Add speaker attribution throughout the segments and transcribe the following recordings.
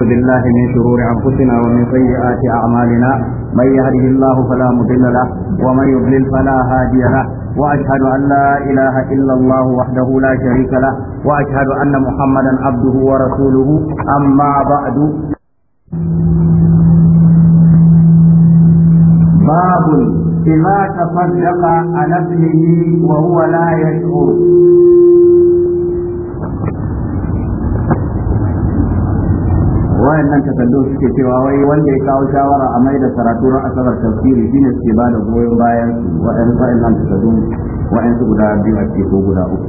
Speaker 1: بالله من شرور أنفسنا ومن سيئات أعمالنا من يهده الله فلا مضل له ومن يضلل فلا هادي له وأشهد أن لا إله إلا الله وحده لا شريك له وأشهد أن محمدا عبده ورسوله أما بعد باب إذا تصدق على ابنه وهو لا يشعر nan takaddu suke cewa wai wanda ya kawo shawara a mai da karatu na asabar tafsiri shine suke ba da goyon bayan su wayan wayannan takardu wayan su guda biyu a ce ko guda uku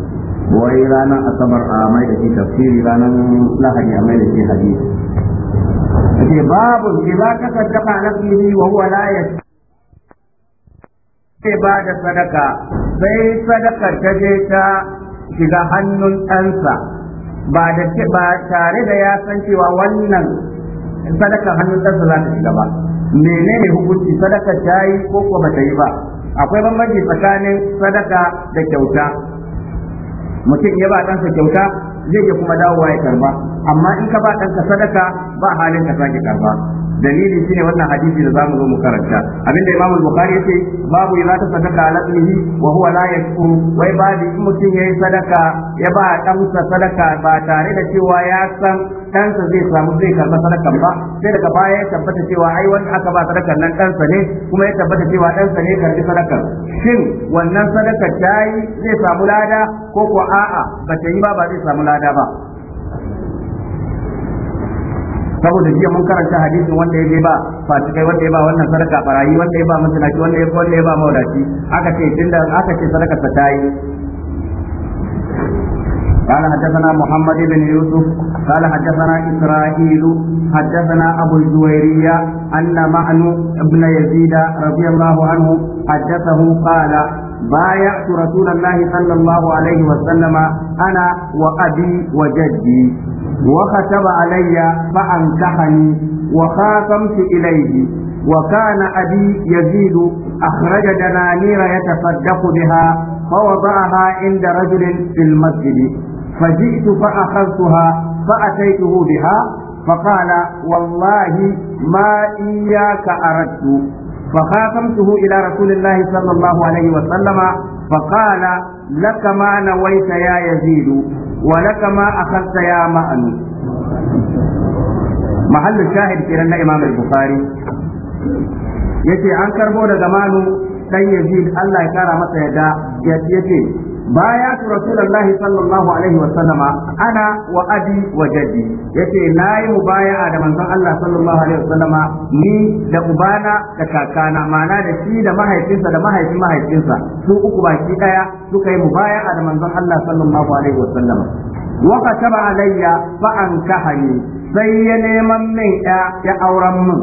Speaker 1: wai ranar asabar a mai da shi tafsiri ranar lahadi a mai da shi hadisi ake babu ka na nafsihi wa huwa la ya sai ba da sadaka sai sadakar ta je ta shiga hannun ɗansa ba da ba tare da ya san cewa wannan sadaka hannun ɗansa za ta shiga ba menene hukunci sadaka ta yi ko ko ba ta yi ba akwai bambanci tsakanin sadaka da kyauta mutum ya ba ɗansa kyauta zai ke kuma dawowa ya karba amma in ka ba ɗanka sadaka ba halin ka sake karba dalilin shine wannan hadisi da zamu zo mu karanta abinda Imam Bukhari yace babu ya ta sadaka ala ibnihi wa huwa la yashkuru wai babu in mutum yayi sadaka ya ba ɗansa sadaka ba tare da cewa ya san ɗansa zai samu zai karba sadakan ba sai daga baya ya tabbata cewa ai wanda aka ba sadakan nan ɗansa ne kuma ya tabbata cewa ɗansa ne karbi sadakan shin wannan sadakar ta yi zai samu lada ko ko a'a ba ta yi ba ba zai samu lada ba saboda jiya mun karanta hadisin wanda ya ba fasikai wanda ya ba wannan sadaka barayi wanda ya ba mutunaki wanda ya wanda ya ba mawdaci aka ce tunda aka ce sadaka ta tayi قال حدثنا محمد بن يوسف قال حدثنا إسرائيل حدثنا أبو الزويرية أن معن بن يزيد رضي الله عنه حدثه قال بايعت رسول الله صلى الله عليه وسلم أنا وأبي وجدي وختب علي فأنكحني وخاصمت إليه وكان أبي يزيد أخرج دنانير يتصدق بها فوضعها عند رجل في المسجد فجئت فأخذتها فأتيته بها فقال والله ما إياك أردت فخاصمته إلى رسول الله صلى الله عليه وسلم فقال لك ما نويت يا يزيد ولك ما أخذت يا مأن محل الشاهد كيرنا إمام البخاري يتي عن كربو دمانو dan yazid Allah ya kara masa yada ya ce Baya sallallahu alaihi الله صلى الله عليه wa انا وابي وجدي يتي ناي baya da manzon Allah sallallahu alaihi sallama ni da ubana da kakana mana da shi da mahaifinsa da mahaifin mahaifinsa su uku baki daya suka yi baya da manzon Allah sallallahu alaihi sallama. wa kataba alayya fa kahani sai ya neman min ya auren min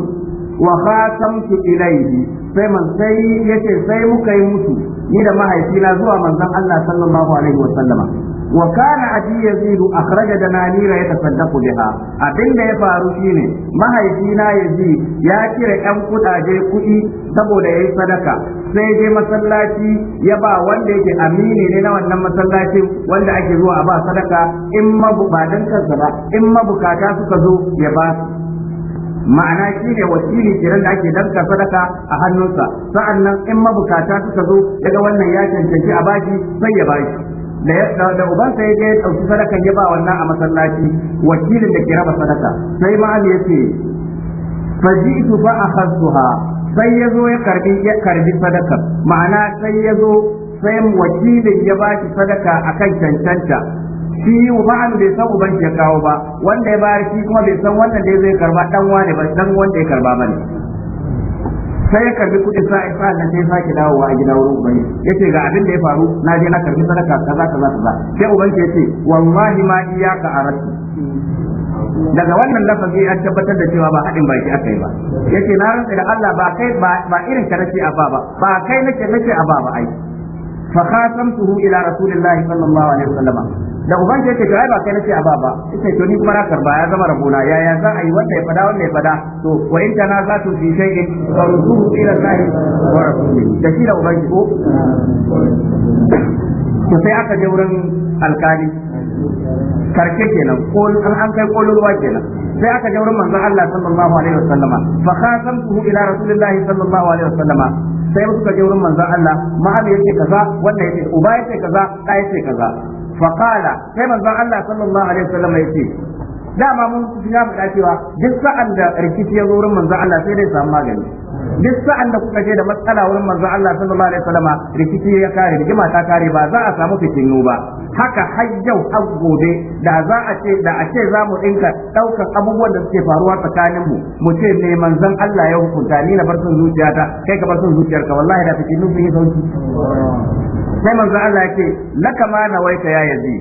Speaker 1: wa khatamtu ilayhi sai man sai yace sai muka yi musu ni da mahaifina zuwa manzon Allah sallallahu alaihi wa sallama wa kana abi yazid akhraja ya tasaddaqu biha abinda ya faru shine mahaifina yazi ya kira yan kudaje kuɗi saboda yayi sadaka sai dai masallaci ya ba wanda yake amini ne na wannan masallaci wanda ake zuwa a ba sadaka in ma ba kansa ba in mabukata suka zo ya ba ma'ana shi ne wakili kiran da ake danka sadaka a hannunsa sa'annan in mabukata suka zo daga wannan ya cancanci a bashi sai ya bashi da ubansa ya je ya ɗauki sadakan ya ba wannan a masallaci wakilin da ke raba sadaka sai ma'ali ya ce fajitu fa akhadhuha sai ya zo ya karbi ya karbi sadaka ma'ana sai ya zo sai wakilin ya baki sadaka akan cancanta biyu ma'an bai san uban ya kawo ba wanda ya bayar shi kuma bai san wannan dai zai karba dan wane ba dan wanda ya karba bane sai ya karbi kuɗi sa'i sa'an nan sai ya sake dawo a gida wurin ubangi yace ga abin da ya faru na je na karbi sadaka kaza kaza kaza sai ubangi yace wallahi ma ka arati daga wannan lafazi an tabbatar da cewa ba hadin baki aka yi ba yace na rantsa da Allah ba kai ba irin ka nake a ba ba ba kai nake nake a ba ba ai fa khatamtuhu ila rasulillahi sallallahu alaihi wasallam da uban ce ce to ai ba kai nace a ba ba ce to ni kuma na karba ya zama rabona yaya za a yi wanda ya fada wanda ya fada to wa in na za tu fi shay'in farzuhu ila Allah wa rasulihi da shi da uban ko to sai aka je wurin alkali karshe kenan ko an kai kololuwa kenan sai aka je wurin manzon Allah sallallahu alaihi wasallama fa khasamtuhu ila rasulillahi sallallahu alaihi wasallama sai suka je wurin manzon Allah ma'abi yake kaza wannan yake uba yake kaza kai yake kaza faqala sai manzon Allah sallallahu alaihi wasallam yace dama mun ya faɗa cewa duk sa'an da rikici ya zo wurin manzon Allah sai dai samu magani duk sa'an da kuka je da matsala wurin manzon Allah sallallahu alaihi wasallam rikici ya kare rigima ta kare ba za a samu fitinu ba haka har yau har gobe da za a ce da a ce za mu dinka daukan abubuwan da suke faruwa tsakanin mu mu ce ne manzon Allah ya hukunta ni na bar son zuciyata kai ka bar son zuciyarka wallahi da fitinu sun yi sauki sai manzo Allah yake laka ma nawaita ya yazi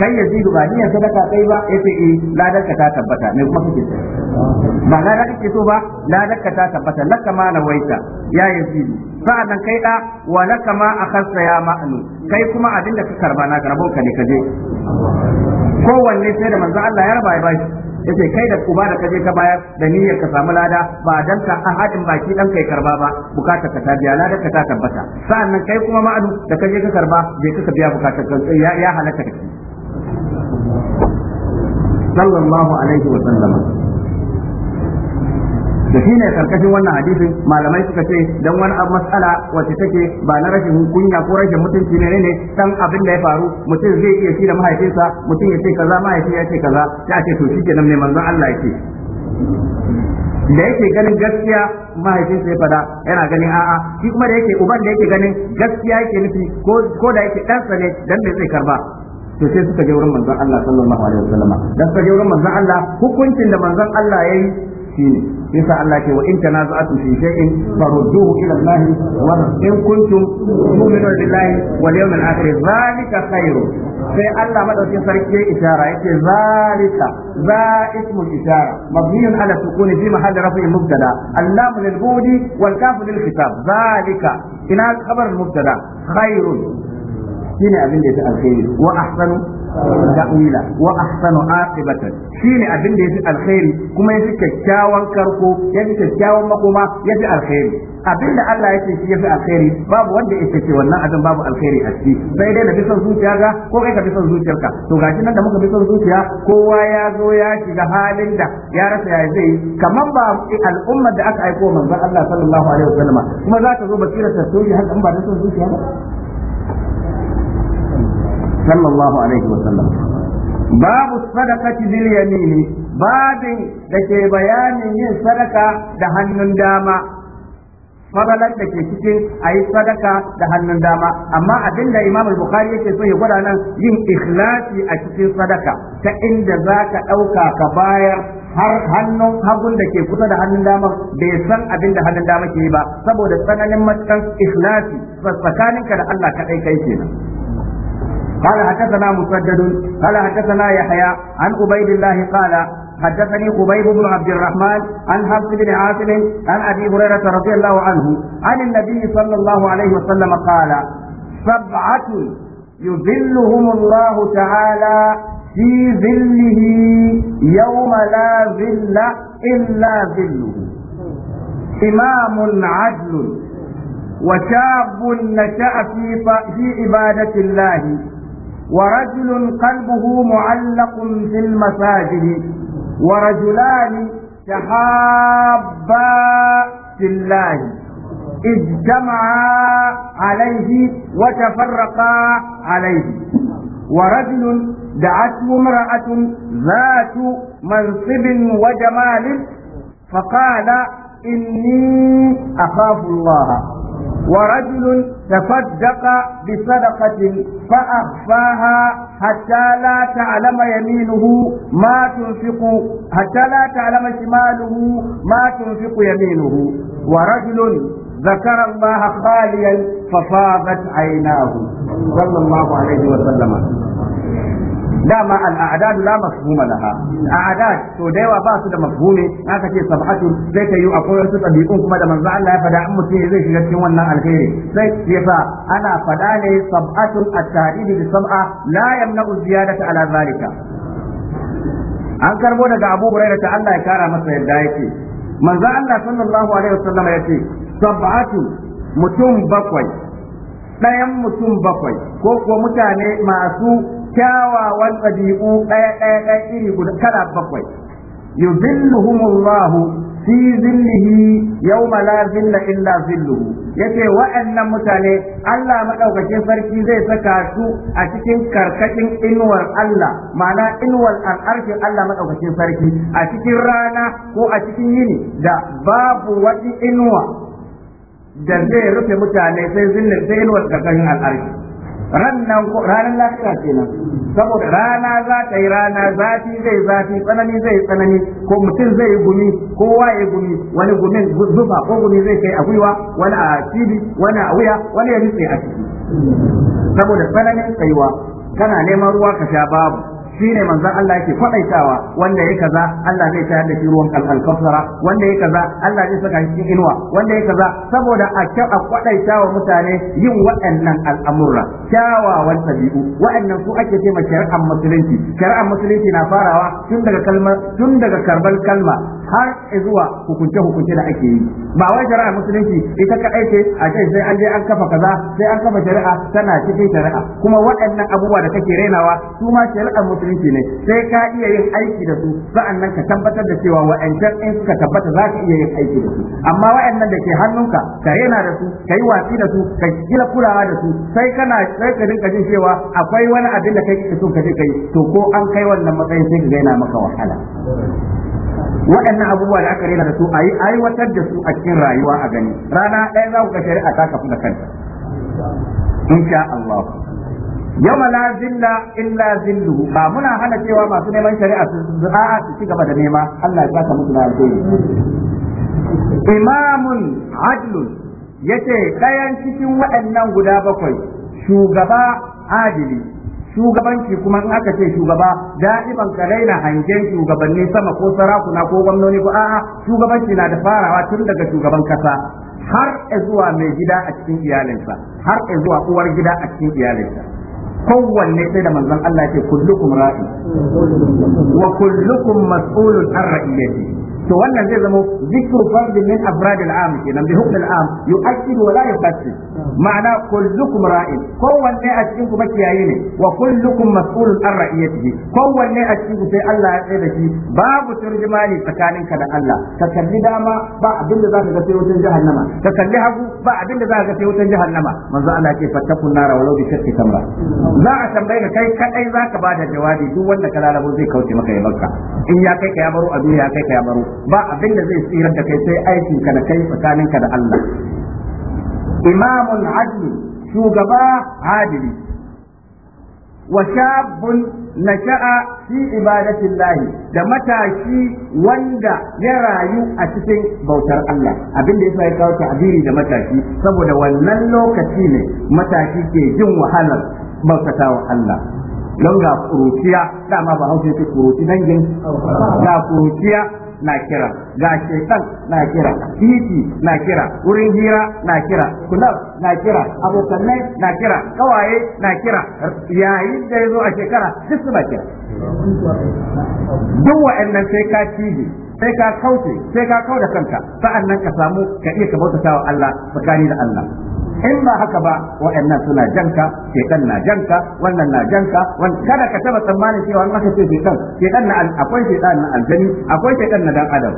Speaker 1: kai yazidu ba niyyar sadaka kai ba yace eh ladarka ta tabbata me kuma kake so ba da kake so ba ladarka ta tabbata laka ma nawaita ya yazidu sa'annan kai da wa laka ma akhasta ya ma'nu kai kuma abinda ka karba na ka ka ne kaje kowanne sai da manzo Allah ya raba ya bashi yace kai da uba da kaje ka bayar da niyyar ka samu lada ba dan ka ahadin baki dan kai karba ba bukatar ka ta biya lada ka ta tabbata sa'annan kai kuma ma'adu da kaje ka karba bai ka biya bukatar ka ya ya halaka sallallahu alaihi wa sallam da shi ne karkashin wannan hadisin malamai suka ce don wani abu matsala wacce take ba na rashin kunya ko rashin mutunci ne ne dan abin da ya faru mutum zai iya shi da mahaifinsa mutum ya ce kaza mahaifi ya ce kaza ta ce to nan ne manzon Allah yake da yake ganin gaskiya mahaifinsa ya fada yana ganin a'a shi kuma da yake uban da yake ganin gaskiya yake nufi ko da yake ɗansa ne dan bai zai karba to sai suka je wurin manzon Allah sallallahu alaihi wasallam dan suka je wurin manzon Allah hukuncin da manzon Allah ya yi. shine yasa Allah ke wa in tanaza'tum fi shay'in farudduhu ila Allah wa in kuntum mu'minuna billahi wal yawmil akhir zalika khairu sai Allah madaukin sarki isharar yake zalika za ismul ishara mabniyun ala sukuni fi mahalli raf'in mubtada allamu lil budi wal kafu lil khitab zalika ina khabar mubtada khairun shine abin da ya fi alkhairi wa ahsanu ta'wila wa ahsanu shine abin da ya fi alkhairi kuma ya fi kyakkyawan karko ya fi kyakkyawan makoma ya fi alkhairi abin da Allah ya ce shi ya fi alkhairi babu wanda ya ce wannan abin babu alkhairi a ciki sai dai da bi son zuciya ga ko kai ka bi son zuciyarka to gashi nan da muka bi son zuciya kowa ya zo ya shiga halin da ya rasa ya zai kamar ba al'ummar da aka aiko manzon Allah sallallahu alaihi wasallam kuma za ka zo basira ta soji har in ba da son zuciya ba sallallahu alaihi wasallam babu sadaka bil yamini babin da ke bayanin yin sadaka da hannun dama fadalar ke cikin a yi sadaka da hannun dama amma abin da imam bukhari yake so ya gwada nan yin ikhlasi a cikin sadaka ta inda za ka ɗauka ka bayar har hannun hagun da ke kusa da hannun dama bai san abin da hannun dama ke yi ba saboda tsananin matsan ikhlasi tsakaninka da Allah kaɗai kai kenan قال حدثنا مسدد قال حدثنا يحيى عن عبيد الله قال حدثني قبيب بن عبد الرحمن عن حفص بن عاصم عن ابي هريره رضي الله عنه عن النبي صلى الله عليه وسلم قال سبعه يذلهم الله تعالى في ظله يوم لا ظل الا ظله امام عدل وشاب نشا في عباده الله ورجل قلبه معلق في المساجد ورجلان تحابا في الله اجتمعا عليه وتفرقا عليه ورجل دعته امرأة ذات منصب وجمال فقال إني أخاف الله ورجل تصدق بصدقة فأخفاها حتى لا تعلم يمينه ما تنفق حتى لا تعلم شماله ما تنفق يمينه ورجل ذكر الله خاليا ففاضت عيناه صلى الله عليه وسلم dama al'adadu la mafhuma laha a'dad to da yawa ba su da mafhumi haka ce sab'atu sai ta akwai wasu tabi'un kuma da manzo Allah ya fada in mutum zai shiga cikin wannan alheri, sai ya fa ana fada ne sab'atu at da bi sab'a la yamna'u ziyadata ala zalika an karbo daga Abu Hurairah ta Allah ya kara masa yadda yake manzo Allah sallallahu alaihi wasallam yace sab'atu mutum bakwai ɗayan mutum bakwai ko kuwa mutane masu kyawawan ɗabi'u ɗaya ɗaya ɗaya iri guda kala bakwai yuzilluhumullahu fi zillihi yawma la zilla illa zilluhu yace wa'annan mutane Allah madaukakin sarki zai saka su a cikin karkashin inuwar Allah ma'ana inuwar al'arshin Allah madaukakin sarki a cikin rana ko a cikin yini da babu wani inuwa da zai rufe mutane sai zillar sai inuwar karkashin al'arshi rannan ranar lafiya kenan saboda rana za ta yi rana zafi zai zafi tsanani zai tsanani ko mutum zai yi gumi ko waye gumi wani gumin zufa ko gumi zai kai a gwiwa wani a cibi wani a wuya wani ya ritse a ciki saboda tsananin tsayuwa kana neman ruwa ka sha babu ne manzon Allah yake kwadaitawa wanda ya kaza Allah zai tayar da shi ruwan alkafara wanda ya kaza Allah zai saka cikin inuwa wanda ya kaza saboda a a wa mutane yin waɗannan al'amurra kyawawan tabi'u waɗannan su ake ce ma shari'ar musulunci shari'ar musulunci na farawa tun daga kalmar tun daga kalma har zuwa hukunce hukunce da ake yi ba wai shari'a musulunci ita ka aike a ce sai an je an kafa kaza sai an kafa shari'a tana cikin shari'a kuma waɗannan abubuwa da kake rainawa su ma shari'ar musulunci ne sai ka iya yin aiki da su sa'annan ka tabbatar da cewa wa'ancan in suka tabbata za ka iya yin aiki da su amma waɗannan da ke hannunka ka raina da su ka yi watsi da su ka gina kulawa da su sai kana sai ka dinka jin cewa akwai wani abin da kai kake so ka je kai to ko an kai wannan matsayin sai ka gaina maka wahala waɗannan abubuwa da aka rena da su a yi aiwatar da su a cikin rayuwa a gani rana ɗaya za ku ga shari'a ta kafu da kanta insha Allah yawma la zilla illa zilluhu ba muna hana cewa masu neman shari'a su a'a su ci gaba da nema Allah ya saka musu na alheri imamun adlun yace ɗayan cikin waɗannan guda bakwai shugaba adili shugabanci kuma in aka ce shugaba daiban ka raina hangen shugabanni sama ko sarakuna ko gwamnoni ko a'a shugabanci na da farawa tun daga shugaban kasa har zuwa mai gida a cikin iyalinsa har zuwa uwar gida a cikin iyalinsa kowanne sai da manzon Allah ya ce kullukum ra'i wa kullukum mas'ulun an to wannan zai zama zikru fard min afrad al kenan bi hukm al yu'akkidu wa la ma'ana kullukum ra'in kowanne a cikin ku makiyayi ne wa kullukum mas'ulun an ra'iyatihi kowanne a cikin ku sai Allah ya tsaye da shi babu turjimani tsakaninka da Allah ka kalli dama ba abin da zaka ga sai wutan jahannama ka kalli hagu ba abin da zaka ga sai wutan jahannama manzo Allah ya ce fattakun nara walau bi shakki tamra za a tambaye ka kai kadai zaka bada jawabi duk wanda ka lalabo zai kauce maka ya in ya kai ka ya baro a duniya kai ka ya baro ba abin da zai tsirar da kai sai aikin ka da kai ka da Allah imamun adli shugaba adili wa shabun nasha'a fi ibadatillah da matashi wanda ya rayu a cikin bautar Allah abin da yasa ya kawo ta'abiri da matashi saboda wannan lokaci ne matashi ke jin wahalar bautatawa Allah don ga kuruciya dama ba hausa yake kuruci dangin ga kuruciya na kira ga shaitan na kira titi na kira wurin hira na kira kulab na kira abokanai na kira kawaye na kira yayin da ya zo a shekara duk ba kira duk wa'annan sai ka cije sai ka kauce sai ka kau da kanka sa'annan ka samu ka iya ka bautata wa Allah tsakani da Allah in ba haka ba waɗannan suna janka shekan na janka wannan na janka kada ka taba tsammanin cewa an aka ce shekan shekan na akwai shekan na aljani akwai shekan na dan adam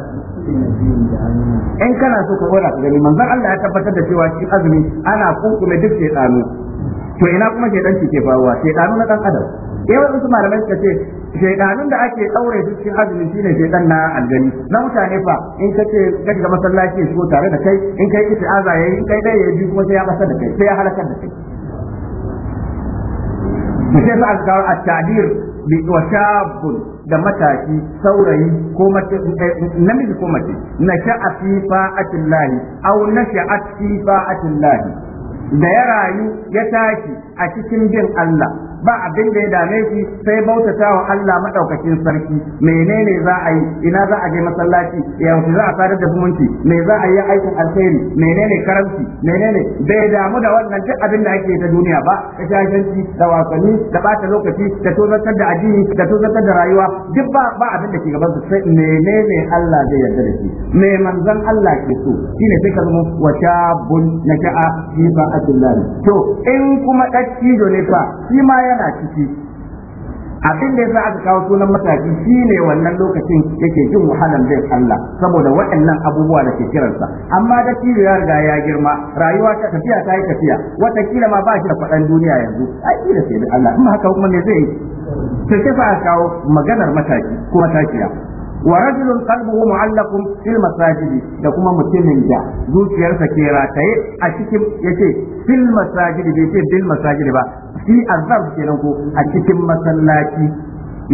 Speaker 1: in kana so ka gora ka gani manzon Allah ya tabbatar da cewa shi azumi ana kunkume duk shekanu to ina kuma shekan ke faruwa shekanu na dan adam wani su malamai suka ce shaidanun da ake daure su cikin azumi shine shaidan na aljani na mutane fa in ka ce ka ga masallaci ya shigo tare da kai in kai istiaza yayi in kai dai ya bi kuma sai ya ɓasa da kai sai ya halakar da kai ce sa azkar a tadir bi wa shabun da matashi saurayi ko mace eh, namiji ko mace na sha'a fi fa'atin lahi au na sha'a fi fa'atin lahi da ya rayu ya tashi a cikin bin Allah ba abin da ya dame shi sai bautata wa Allah madaukakin sarki menene za a yi ina za a je masallaci yaushe za a sadar da zumunci me za a yi aikin alheri menene karanci menene bai damu da wannan duk abin da ake ta duniya ba Ka shashanci da wasanni da bata lokaci da tozartar da addini da tozartar da rayuwa duk ba ba abin da ke gaban su sai menene Allah zai yarda da shi me manzon Allah ke so shine sai ka zama wa shabun nasha'a fi ba'atillah to in kuma dakki ne fa shi ma ya yana ciki abin da yasa aka kawo sunan mataki shine wannan lokacin yake jin wahalan bin Allah saboda waɗannan abubuwa da ke kiransa amma da shi ya riga ya girma rayuwa ta tafiya ta yi tafiya watakila ma ba shi da faɗan duniya yanzu ai da sai da Allah amma haka kuma me zai yi sai fa a kawo maganar mataki ko matakiya wa rajulun qalbuhu mu'allaqun fil masajid da kuma mutumin da zuciyarsa ke rataye a cikin yace fil masajid bai ce bil masajid ba fi azab kenan ko a cikin masallaci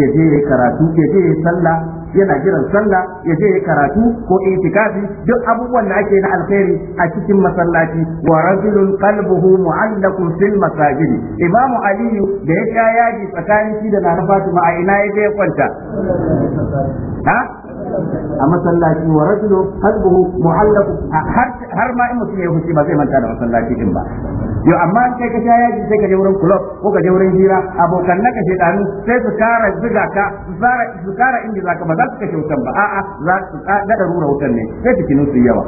Speaker 1: ya je ya karatu ya je ya sallah yana jiran sallah ya je ya karatu ko itikafi duk abubuwan da ake na alkhairi a cikin masallaci wa rajulun qalbuhu mu'allaqun fil masajid imamu ali da ya sha yaji tsakanin shi da na fatima a ina ya kwanta ha a masallaci wa rajulu qalbuhu mu'allaq har ma in mutum ya huce ba zai manta da masallaci din ba yo amma kai ka sha yaji sai ka je wurin club ko ka je wurin hira abokan naka shedanu sai su kara ziga ka su kara inda zaka ba za su kashe wutan ba a'a za su da rura wutan ne sai su kinu su yawa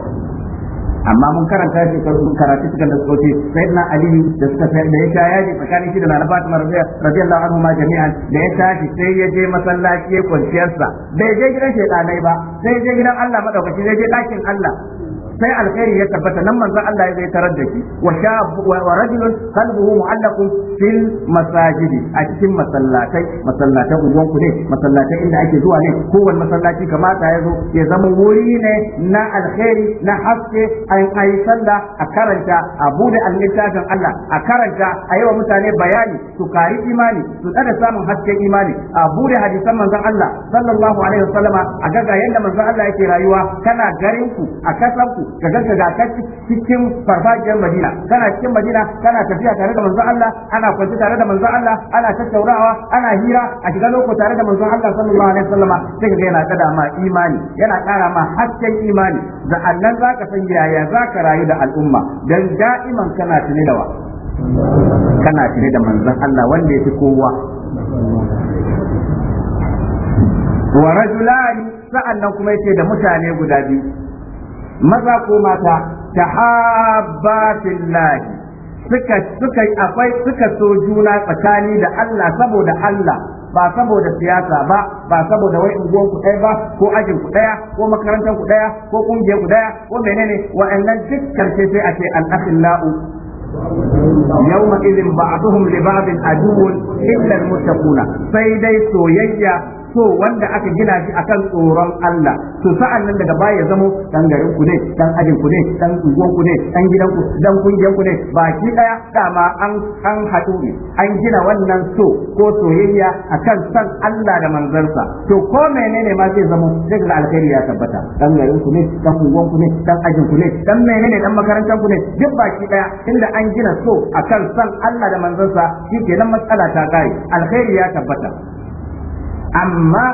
Speaker 1: amma mun karanta shi karatu cikin da suka sai na ali da suka sai da ya yaji tsakanin shi da na marziya radiyallahu anhu ma jami'an da ya tashi sai ya je masallaci ya kwanciyarsa bai je gidan shaytanai ba sai je gidan Allah madaukaki sai je dakin Allah sai alkhairi ya tabbata nan manzo Allah ya zai tarar da shi wa shab wa rajulun qalbuhu mu'allaqun fil a cikin masallatai masallatan uwan ku ne masallatai inda ake zuwa ne kowanne masallaci kamata ya zo ya zama wuri ne na alkhairi na haske an ayi sallah a karanta a bude al-littafin Allah a karanta a yi wa mutane bayani su kari imani su tsada samun hasken imani a bude hadisan manzon Allah sallallahu alaihi wasallama a gaga yadda manzon Allah yake rayuwa kana garin ku a kasan ku ka ga ga ka cikin farfajiyar Madina kana cikin Madina kana tafiya tare da manzon Allah ana kwanci tare da manzon Allah ana tattaunawa ana hira a shiga loko tare da manzon Allah sallallahu alaihi wasallam sai ka ga yana kada ma imani yana kara ma hasken imani da annan zaka san yaya zaka rayu da al'umma dan da'iman kana tuni da wa? kana tuni da manzon Allah wanda yafi kowa wa rajulani sa'annan kuma yace da mutane guda biyu maza ko mata ta fillahi suka suka akwai suka so juna tsakani da Allah saboda Allah ba saboda siyasa ba ba saboda wai unguwan ku ɗaya ba ko ajin ku ɗaya ko makarantar ku ɗaya ko kungiyar ku ɗaya ko menene wa'annan duk karshe sai a ce al-akhillau yawma idin ba'duhum li ba'din aduwwun illa al-muttaquna sai dai soyayya so wanda aka gina shi akan tsoron Allah to sa'an nan daga baya ya zamo dan garin ku ne dan ajin ku ne dan ku ne dan gidan ku dan kungiyan ku ne baki daya dama an an haɗu ne an gina wannan so ko soyayya akan san Allah da manzarsa, to ko menene ma zai zamo daga da alkhairi ya tabbata dan garin ku ne dan ku ne dan ajin ku ne dan menene dan makarantar ku ne duk baki daya inda an gina so akan san Allah da manzansa shi kenan matsala ta kai alkhairi ya tabbata amma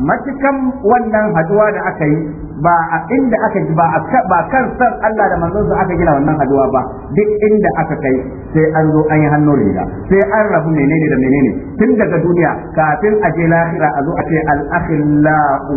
Speaker 1: matukan wannan haduwa da aka yi ba a inda aka ji ba ba kan san Allah da manzonsa aka gina wannan haduwa ba duk inda aka kai sai an zo an yi hannu riga sai an rabu menene da menene tun daga duniya kafin a je lahira a zo a ce al-akhillahu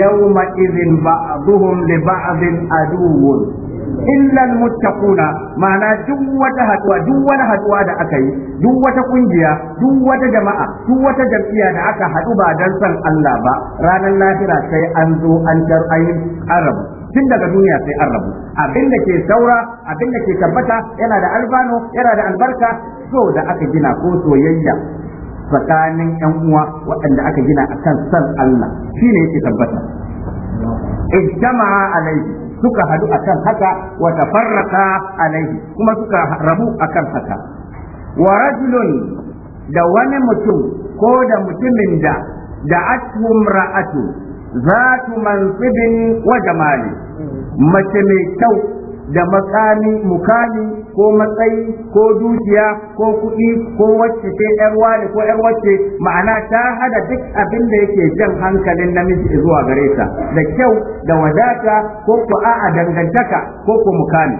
Speaker 1: yawma idhin ba'dhum li ba'dhin aduwwun illa almuttaquna ma'ana duk wata haduwa duk wani haduwa da aka yi duk wata kungiya duk wata jama'a duk wata jam'iyya da aka hadu ba dan san Allah ba ranar lahira sai an zo an dar ayin arabu tun daga duniya sai an rabu abin da ke saura abin da ke tabbata yana da albano yana da albarka so da aka gina ko soyayya tsakanin yan uwa waɗanda aka gina akan san Allah shine yake tabbata ijtama'a alaihi suka hadu akan haka wa tafarraqa alaihi kuma suka rabu akan haka wa rajulun da wani mutum ko da mutumin da da atum ra'atu zatu mansibin wa jamali mace mai kyau da makami mukami ko matsayi ko dukiya ko kuɗi ko wacce ce yar wani ko yar wacce ma'ana ta hada duk abin da yake jan hankalin namiji zuwa gare ta da kyau da wadata ko ko a'a dangantaka ko ko mukami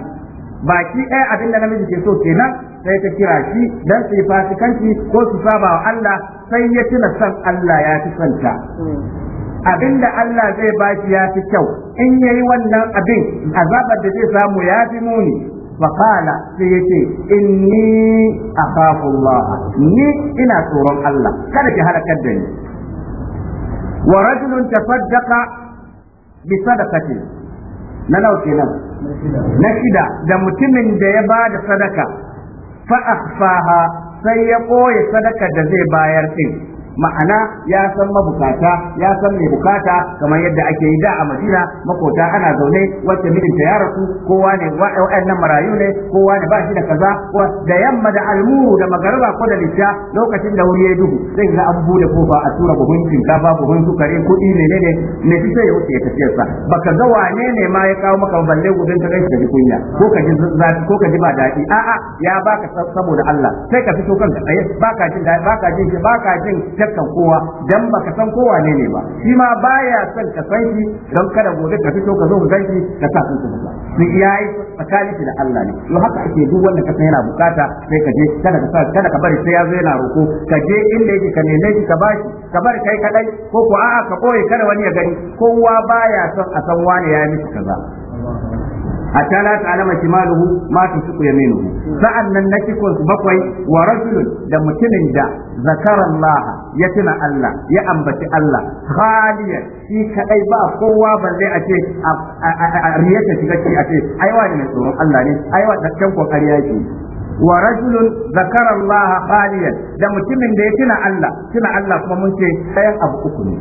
Speaker 1: baki ɗaya abin da namiji ke so kenan sai ta kira shi dan su yi fasikanci ko su saba wa Allah sai ya tuna san Allah ya fi santa da Allah zai bashi ya fi kyau in yayi wannan abin azabar da zai samu ya fi muni فقال سيتي إني أخاف الله ني إنا سورة الله كانت هذا الدنيا ورجل تصدق بصدقة لنا كنا نكدا ده متمن ده يباد صدقة فأخفاها سيقوي صدقة ɓoye sadaka da ma'ana ya san mabukata ya san mai bukata kamar yadda ake yi da a Madina makota ana zaune wacce ta ya rasu kowa ne wa'annan marayu ne kowa ne ba shi da kaza da yamma da almuru da magariba ko da lisha lokacin da wuri ya duhu Zai ga an bude kofa a tura buhun shinkafa buhun sukari kuɗi ne ne ne shi sai ya wuce ya tafiyar sa baka ga wane ne ma ya kawo maka balle gudun ta gaishe da kunya ko ka ji zafi ko ka ji ba daɗi a'a ya baka saboda Allah sai ka fito kanka tsaye baka jin baka jin baka jin shakkan kowa dan baka san kowa ne ne ba shi ma baya son ka san shi dan kada gobe ka fito ka zo ka ganki ka sa kanka ba ni yayi tsakani da Allah ne to haka ake duk wanda ka san yana bukata sai ka je kada ka sa kada ka bari sai ya zo yana roko ka je inda yake ka neme shi ka bashi ka bari kai kadai ko ko a'a ka koyi kada wani ya gani kowa baya son a san wani ya yi miki kaza حتى لا ma شماله ما تنفق يمينه فأن bakwai بقوي da mutumin da ذكر الله ya tuna Allah ya ambaci Allah khaliyan shi kadai ba kowa balle a ce a riyata shiga ce a ce aiwa ne tsoron Allah ne aiwa da kan kokari yake wa rajulun zakara Allah khaliyan da mutumin da ya tuna Allah tuna Allah kuma mun ce sayan abu uku ne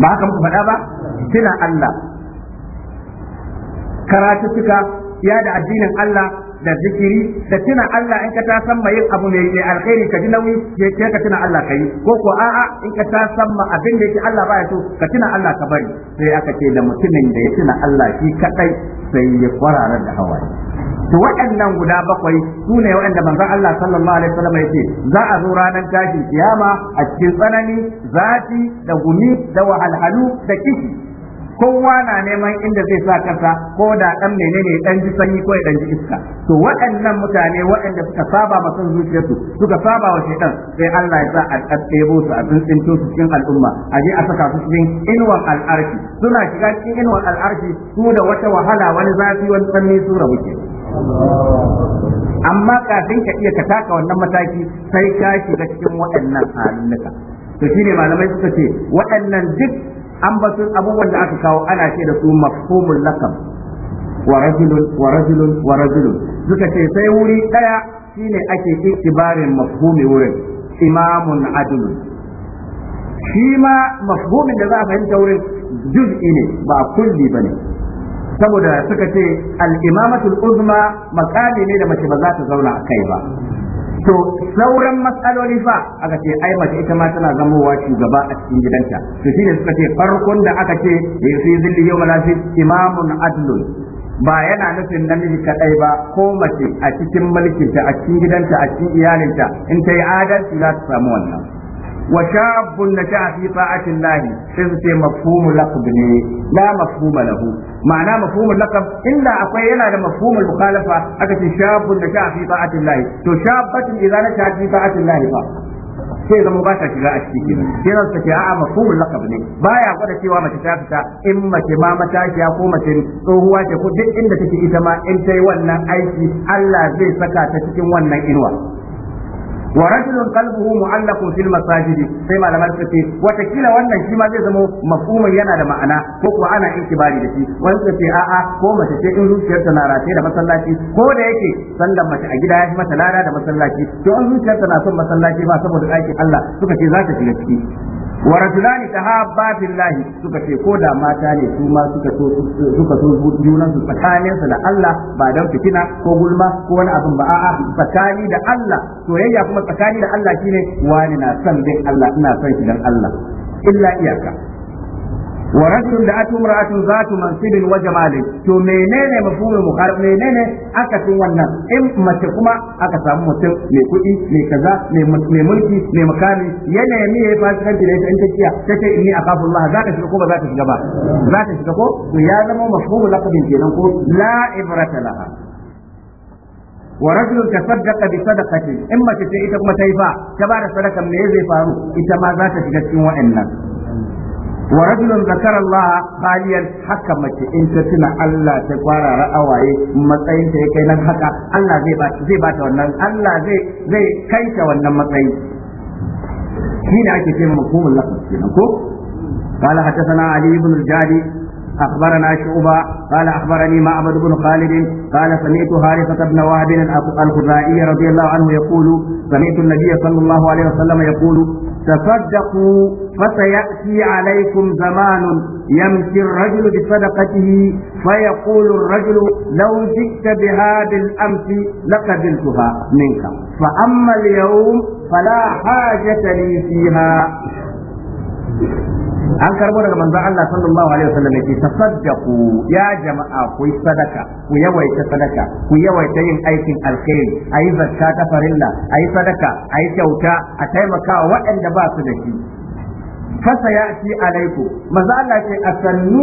Speaker 1: ba haka muka faɗa ba tuna Allah karatuttuka ya da addinin Allah da zikiri da tuna Allah in ka ta san mai abu mai alkhairi ka ji nauyi ya ce ka tuna Allah kai ko ko a'a in ka ta san ma abin da yake Allah baya so ka tuna Allah ka bari sai aka ce da mutumin da ya tuna Allah shi kadai sai ya kwararar da hawaye to waɗannan guda bakwai su ne waɗanda manzon Allah sallallahu alaihi wasallam ya ce za a zo ranar tashin kiyama a cikin tsanani zafi da gumi da wahalhalu da kishi kowa na neman inda zai sa kansa ko da dan menene dan ji sanyi ko dan ji iska to waɗannan mutane waɗanda suka saba ma son zuciyarsu suka saba wa shaitan sai Allah ya sa a tsebo su a tsintsinto su cikin al'umma a je a saka su cikin inuwan al'arki suna shiga cikin inwan al'arki su da wata wahala wani zafi wani sanni su rabu ke amma kafin ka iya ka taka wannan mataki sai ka shiga cikin waɗannan halin to shine malamai suka ce waɗannan duk ambatun abubuwan da aka kawo ana ce da su mafhumul lakam wa rajulun wa rajulun wa rajulun suka ce sai wuri daya shine ake itibarin mafhumi wurin imamun adlun shi ma mafhumin da za a fahimta wurin juz'i ne ba kulli bane saboda suka ce al-imamatul uzma makami ne da mace ba za ta zauna a kai ba to sauran matsaloli fa aka ce ai mace ita ma tana zamowa shugaba a cikin gidanta to shine suka ce farkon da aka ce fi zilli yau malafi imamun adlun ba yana nufin namiji kadai ba ko mace a cikin mulkinta a cikin gidanta a cikin iyalinta in ta yi adalci za ta samu wannan wa shabun ta fi fa'atin lahi sai su ce mafhumu laqab ne لا مفهوم lahu ma'ana مفهوم اللقب إلا akwai yana da mafhumul mukhalafa aka ce shabun da sha'a fi ta'atillahi to shabatun idza na sha'a sai zama ba ta shiga a ciki sai nan suka ce a'a mafhumul laqab ne baya gwada cewa mace ta fita in mace ma matashiya ko mace tsohuwa ce ko duk inda take ita ma in ta yi wannan aiki Allah zai saka ta cikin wannan inuwa wa rajulun qalbuhu mu'allaqun fil masajidi sai malaman suka ce watakila wannan shi ma zai zama mafhumin yana da ma'ana ko kuwa ana ikibari da shi wani suka a'a ko mace ce in zuciyarta na rataye da masallaci ko da yake sallan mace a gida ya fi mata lada da masallaci to in zuciyarta na son masallaci ba saboda ɗakin Allah suka ce za ta shiga ciki wa rajulani tahabba billahi suka ce ko da mata ne su ma suka so suka so junan su tsakanin da Allah ba dan fitina ko gulma ko wani abin ba a'a tsakani da Allah soyayya kuma tsakani da Allah shine wani na son bin Allah ina son shi dan Allah illa iyaka wa rajulun da atu imra'atun zatu mansibin wa jamalin to menene mafhumul mukharib menene aka akasin wannan in mace kuma aka samu mutum mai kuɗi mai kaza mai mulki mai makami yana yami yayi fasikanci da ita in ta kiya ta ce inni akhafu Allah za ka shiga ko ba za ta shiga ba za ta shiga ko to ya zama mafhumul laqabin kenan ko la ibrata laha ورجل تصدق بصدقة إما تتعيتك متيفا كبار صدقة من يزي فارو إتما ذات تجد وإنك wa rajulun zakara Allah haliyan haka mace in ta tuna Allah ta fara ra'awaye matsayin ta kai nan haka Allah zai ba zai ba ta wannan Allah zai zai kai ta wannan matsayi shine ake cewa mafhumul lafz kenan ko قال حدثنا علي بن الجاري أخبرنا شعبة قال أخبرني معبد بن خالد قال سمعت حارثة بن وهب الخزائي رضي الله عنه يقول سمعت النبي صلى الله عليه وسلم يقول تصدقوا فسيأتي عليكم زمان يمشي الرجل بصدقته فيقول الرجل لو جئت بها بالأمس لقبلتها منك فأما اليوم فلا حاجة لي فيها an karbo daga manzon Allah sallallahu alaihi wasallam yake tasaddaqu ya jama'a ku yi sadaka ku yawaita sadaka ku yawaita yin aikin alkhairi ayi zakka ta farilla ayi sadaka ayi kyauta a taimaka waɗanda ba su da shi fasa ya ci alaiku Allah ce a sannu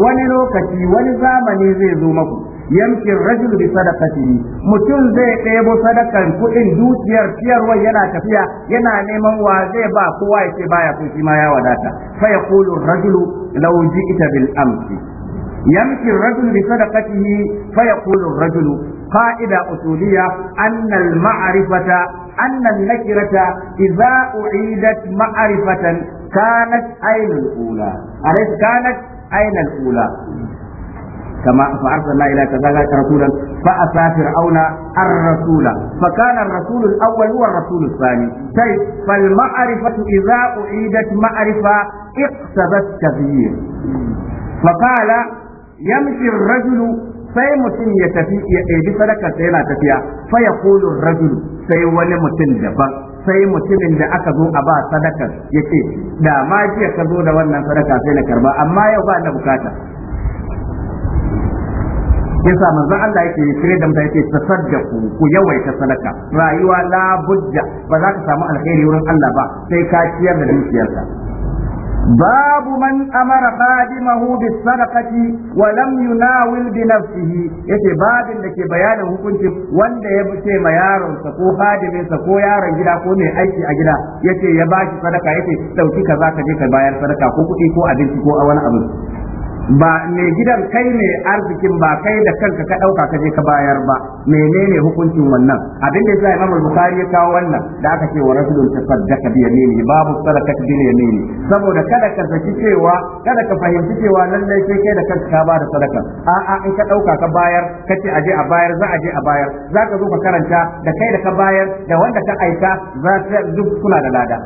Speaker 1: wani lokaci wani zamani zai zo maku yamshi rajul bi sadaqatihi mutum zai ɗebo sadakan kuɗin dukiyar ciyarwa yana tafiya yana neman wa zai ba kowa ya ce baya so shi ma ya wadata fa yaqulu rajulu law ji'ta bil amsi yamshi rajul bi sadaqatihi fa yaqulu rajulu qa'ida usuliyya anna al ma'rifata anna an nakirata idza u'idat ma'rifatan kanat aynul ula ula كما فأرسلنا إلى كذلك رسولا فأتى فرعون الرسول فكان الرسول الأول هو الرسول الثاني طيب فالمعرفة إذا أعيدت معرفة اقتبت كثير فقال يمشي الرجل sai mutum ya tafi ya ɗebi sadakarsa yana tafiya fa ya kulun sai wani mutum daban sai mutumin da aka zo a ba sadakar ya ce da ma jiya ka zo da wannan sadaka sai na karba amma yau ba na bukata yasa manzon Allah yake kire da mutane yake tasaddaku ku yawaita sadaka rayuwa la budda ba za ka samu alheri wurin Allah ba sai ka ciyar da dukiyarka باب من امر خادمه بالصدقه ولم يناول بنفسه yace babin da ke bayanin hukunci wanda ya ce ma yaron sa ko khadimin sa ko yaron gida ko mai aiki a gida yace ya bashi sadaka yace dauki kaza ka je ka bayar sadaka ko kuɗi ko abinci ko wani abu ba mai gidan kai ne arzikin ba kai da kanka ka dauka ka je ka bayar ba menene hukuncin wannan abin da yasa Imam Bukhari ya kawo wannan da aka ce wa rajulun bi yamini babu sadaqat bi yamini saboda kada ka zaki cewa kada ka fahimci cewa lallai sai kai da kanka ka ba da sadaka a a in ka dauka ka bayar ka ce aje a bayar za a je a bayar za ka zo ka karanta da kai da ka bayar da wanda ka aika za duk kuna da lada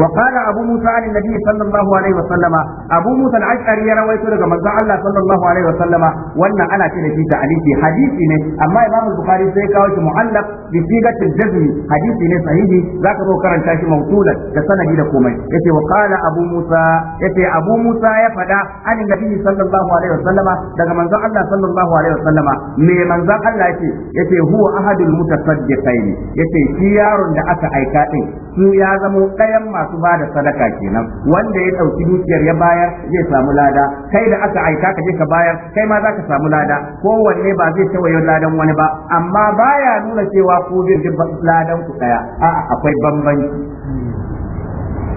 Speaker 1: وقال أبو موسى عن النبي صلى الله عليه وسلم أبو موسى الأشعري يروي سورة من الله صلى الله عليه وسلم وأن أنا كده في تعليقي حديثي أما إمام البخاري سيكاوش معلق بصيغة الجزم حديثي صحيحي ذاك هو كرن تاشي موصولا كسنة جيدة كومي يتي وقال أبو موسى يتي أبو موسى يفدا عن النبي صلى الله عليه وسلم daga manzon Allah sallallahu alaihi wasallama me manzon Allah yake yace huwa ahadul mutasaddiqaini yace shi yaron da aka aika din su ya zama ɗayan masu ba da sadaka kenan wanda ya ɗauki dukiyar ya bayar zai samu lada kai da aka aika ka je ka bayar kai ma za ka samu lada kowanne ba zai tawaye ladan wani ba amma baya nuna cewa ko zai ladan ku ɗaya a'a akwai bambanci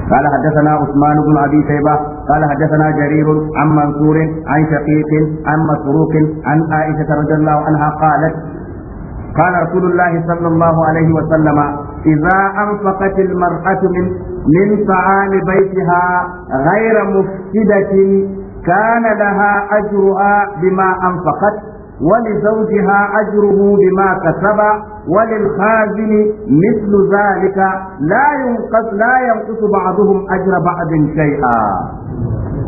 Speaker 1: قال حدثنا عثمان بن ابي شيبه قال حدثنا جرير عن منصور عن شقيق عن مسروق عن عائشه رضي الله عنها قالت قال رسول الله صلى الله عليه وسلم إذا أنفقت المرأة من من طعام بيتها غير مفسدة كان لها أجرها بما أنفقت ولزوجها أجره بما كسب وللخازن مثل ذلك لا ينقص لا ينقص بعضهم أجر بعض شيئا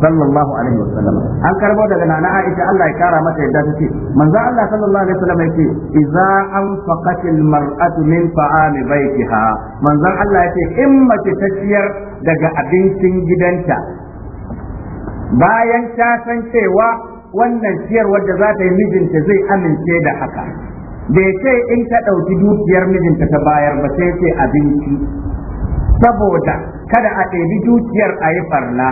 Speaker 1: sallallahu alaihi wasallam an karbo daga nana Aisha Allah ya kara mata yadda take manzo Allah sallallahu alaihi wasallam yake idza anfaqatil mar'atu min ta'ami baitiha manzo Allah yake in mace ta ciyar daga abincin gidanta bayan ta san cewa wannan ciyar wadda za ta yi mijinta zai amince da haka bai ce in ta ɗauki dukiyar mijinta ta bayar ba sai ce abinci saboda kada a ɗebi dukiyar a yi farna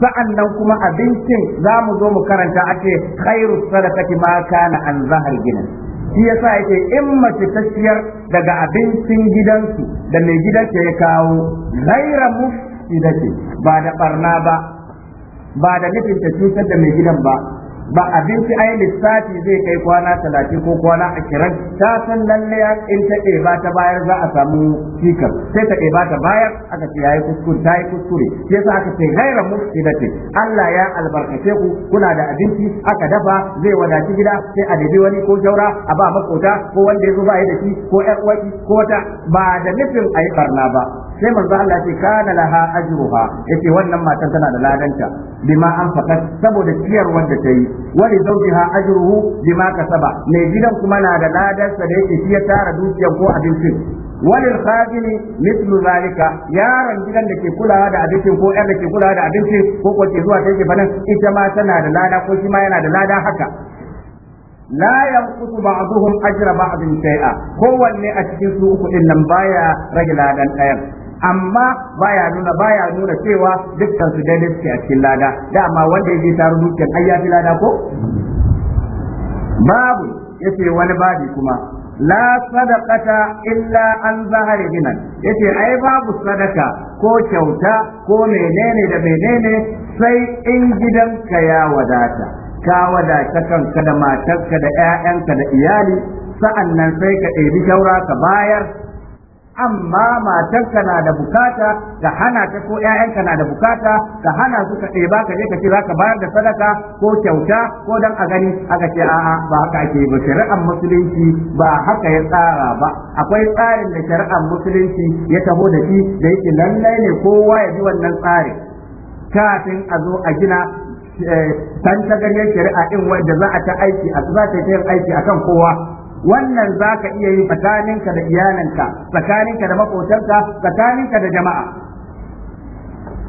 Speaker 1: sa'annan kuma abincin za mu zo mu karanta a ce khairu sadaqati ma kana an zahar gidan shi yasa yake in mace ta daga abincin gidansu da mai gidansa ya kawo laira mufsidati ba da barna ba ba da nufin ta cutar da mai gidan ba ba abinci ai lissafi zai kai kwana talatin ko kwana ashirin ta san lalle in ta ɗeba ta bayar za a samu cikar sai ta ɗeba ta bayar aka ce yayi kuskure ta yi kuskure sai sa aka ce gaira ce Allah ya albarkace ku kuna da abinci aka dafa zai wadaci gida sai a dabi wani ko jaura a ba makota ko wanda ya zo ba da shi ko ƴar uwa ko wata ba da nufin ayi barna ba sai manzo Allah ce kana laha ajruha yace wannan matan tana da ladanta bima an fakat saboda ciyar wanda ta yi wani zawjiha ajruhu bima kasaba mai gidan kuma na da ladansa da yake shi ya tara dukiyar ko abincin walil khadimi mithlu zalika yaron gidan da ke kulawa da abincin ko yar da ke kulawa da abincin ko ko ke zuwa take fanan ita ma tana da lada ko shi ma yana da lada haka la yanqutu ba'dhum ajra ba'dhin a, kowanne a cikin su uku din nan baya rage ladan ɗayan amma baya nuna baya nuna cewa dukkan su daidai suke a cikin lada dama wanda ya je dukkan ayya lada ko babu yace wani babi kuma la sadaqata illa an zahari ginan yace ai babu sadaka ko kyauta ko menene da menene sai in gidanka ya wadata ka wadata kanka da matarka da 'ya'yanka da iyali sa'annan sai ka ɗebi shaura ka bayar amma matar matarka na da bukata ka hana ta ko 'ya'yanka na da bukata ka hana su ka ɗeba ka je ka ce zaka bayar da sadaka ko kyauta ko dan a gani aka ce a'a ba haka ake ba shari'ar musulunci ba haka ya tsara ba akwai tsarin da shari'ar musulunci ya taho da shi da yake lallai ne kowa ya bi wannan tsari kafin a zo a gina eh, tantagaryar shari'a ɗin wanda za a ta aiki a za ta yi aiki akan kowa wannan zaka iya yi tsakaninka da iyalanka tsakaninka da makotanka tsakaninka da jama'a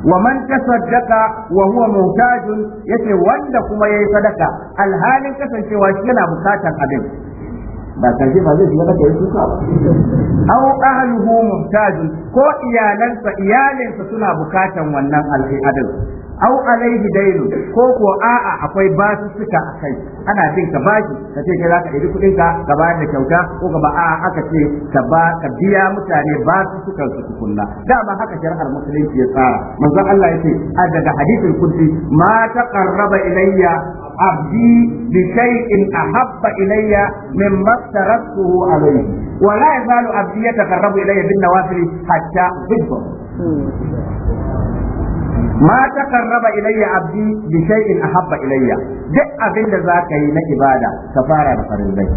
Speaker 1: wa man tasaddaqa wa huwa muhtaj yace wanda kuma yayi sadaka alhalin kasancewa shi yana bukatar abin ba karshe zai shiga da kai suka aw ahluhu muhtaj ko iyalansa iyalinsa suna bukatan wannan alhadin au alaihi dainu ko ko a'a akwai basussuka a kai ana cin ka baki ka ce kai zaka ɗiri kuɗin ka ka bayar da kyauta ko ka ba a'a aka ce ka ba ka biya mutane basussukan su tukunna dama haka shari'ar musulunci ya tsara manzon Allah yace a daga hadisin kudsi ma taqarraba ilayya abdi bi shay'in ahabba ilayya mimma taraktuhu alayhi wa la yazalu abdi yataqarrabu ilayya bin nawafil hatta bidda Mata kan raba ilayya abdi bi a habba ilayya duk abinda za ka yi na ibada ka fara da farillai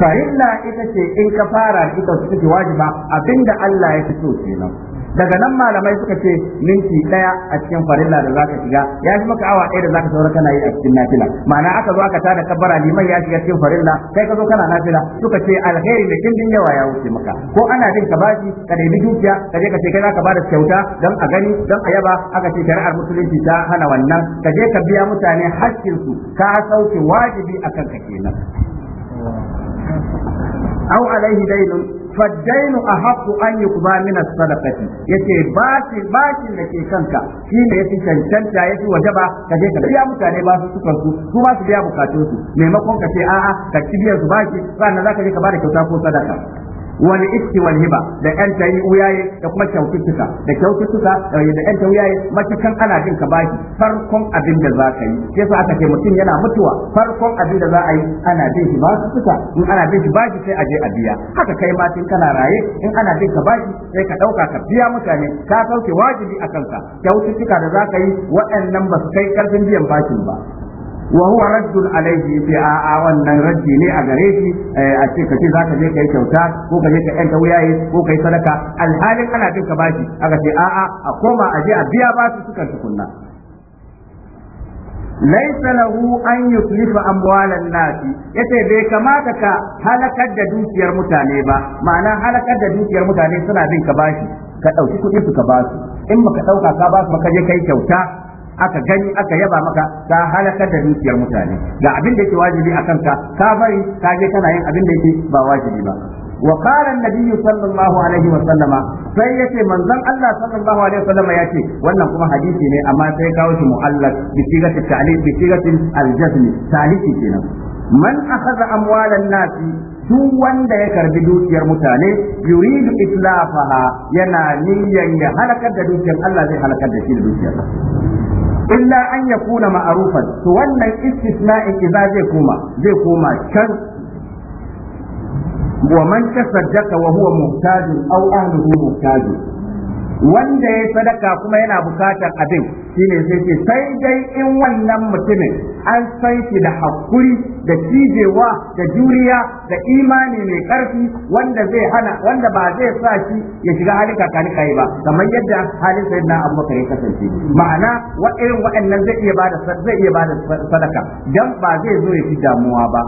Speaker 1: farilla ita ce in ka fara ita ce wajiba abinda Allah ya fito kenan daga nan malamai suka ce minti daya a cikin farilla da zaka shiga ya fi maka awa daya da zaka saura kana yi a cikin nafila ma'ana aka zo aka tada kabbara liman ya shiga cikin farilla kai ka zo kana nafila suka ce alheri da kin yawa ya wuce maka ko ana jin ka bashi ka nemi dukiya ka je ka ce kai zaka bada kyauta dan a gani dan a yaba aka ce shari'ar musulunci ta hana wannan ka je ka biya mutane haƙƙin su ka sauke wajibi akan ka kenan au alaihi dainun faddainu ahaqqu an yuqba min as-sadaqati yace bashi bashin da ke kanka shine yafi cancanta yafi wajaba ka je ka biya mutane basu su sukan su su ba biya bukatun maimakon ka ce a'a ka ci biyan su bashi sannan zaka je ka bada kyauta ko sadaka Wani iski wani hiba da yan tayi uyaye da kuma kyaututtuka da kyaututtuka da yan tayi uyaye matakan ana jin ka baki farkon abin da za ka yi sai sa aka ce mutum yana mutuwa farkon abin da za a yi ana jin shi ba tuka in ana jin shi baki sai a je a biya haka kai ma tun kana raye in ana jin ka baki sai ka ɗauka ka biya mutane ka sauke wajibi a kanka kyaututtuka da za ka yi waɗannan ba su kai karfin biyan bakin ba wa huwa alaihi yace a a wannan raddi ne a gare shi eh, a ce kace zaka je kai kyauta ko ka je ka yanka wuyaye ko kai sadaka alhalin ana bin ka bashi aka ce a a a koma a je a biya basu suka tukunna laisa lahu an yuslifa amwalan nasi yace bai kamata ka halakar da dukiyar mutane ba ma'ana halakar da dukiyar mutane suna bin ka bashi ka dauki kuɗi su ka basu in baka dauka ka basu ba ka je kai kyauta aka gani aka yaba maka ka halakar da dukiyar mutane ga abin da yake wajibi a kanta, ka bari ka je kana yin abin da yake ba wajibi ba wa qala an-nabiy sallallahu alaihi wa sallama sai yace manzon Allah sallallahu alaihi wa sallama yace wannan kuma hadisi ne amma sai kawo shi mu'allaq bi sigati ta'lil bi sigati al-jazm talisi kenan man akhadha amwalan nasi duk wanda ya karbi dukiyar mutane yuridu islafaha yana niyyar ya halakar da dukiyar Allah zai halakar da shi da dukiyar illa an yakuna ma'arufan, to wannan istisna'in idan zai koma zai koma can wa man tasaddaqa wa huwa muhtajun aw ahluhu wanda ya sadaka kuma yana bukatar abin shine sai ce sai dai in wannan mutumin an san shi da hakuri da cijewa da juriya da imani mai karfi wanda zai hana wanda ba zai sa shi ya shiga halin kakalika ba kamar yadda halin sai na abu ya kasance ma'ana wa irin waɗannan zai iya bada zai iya bada sadaka dan ba zai zo ya fi damuwa ba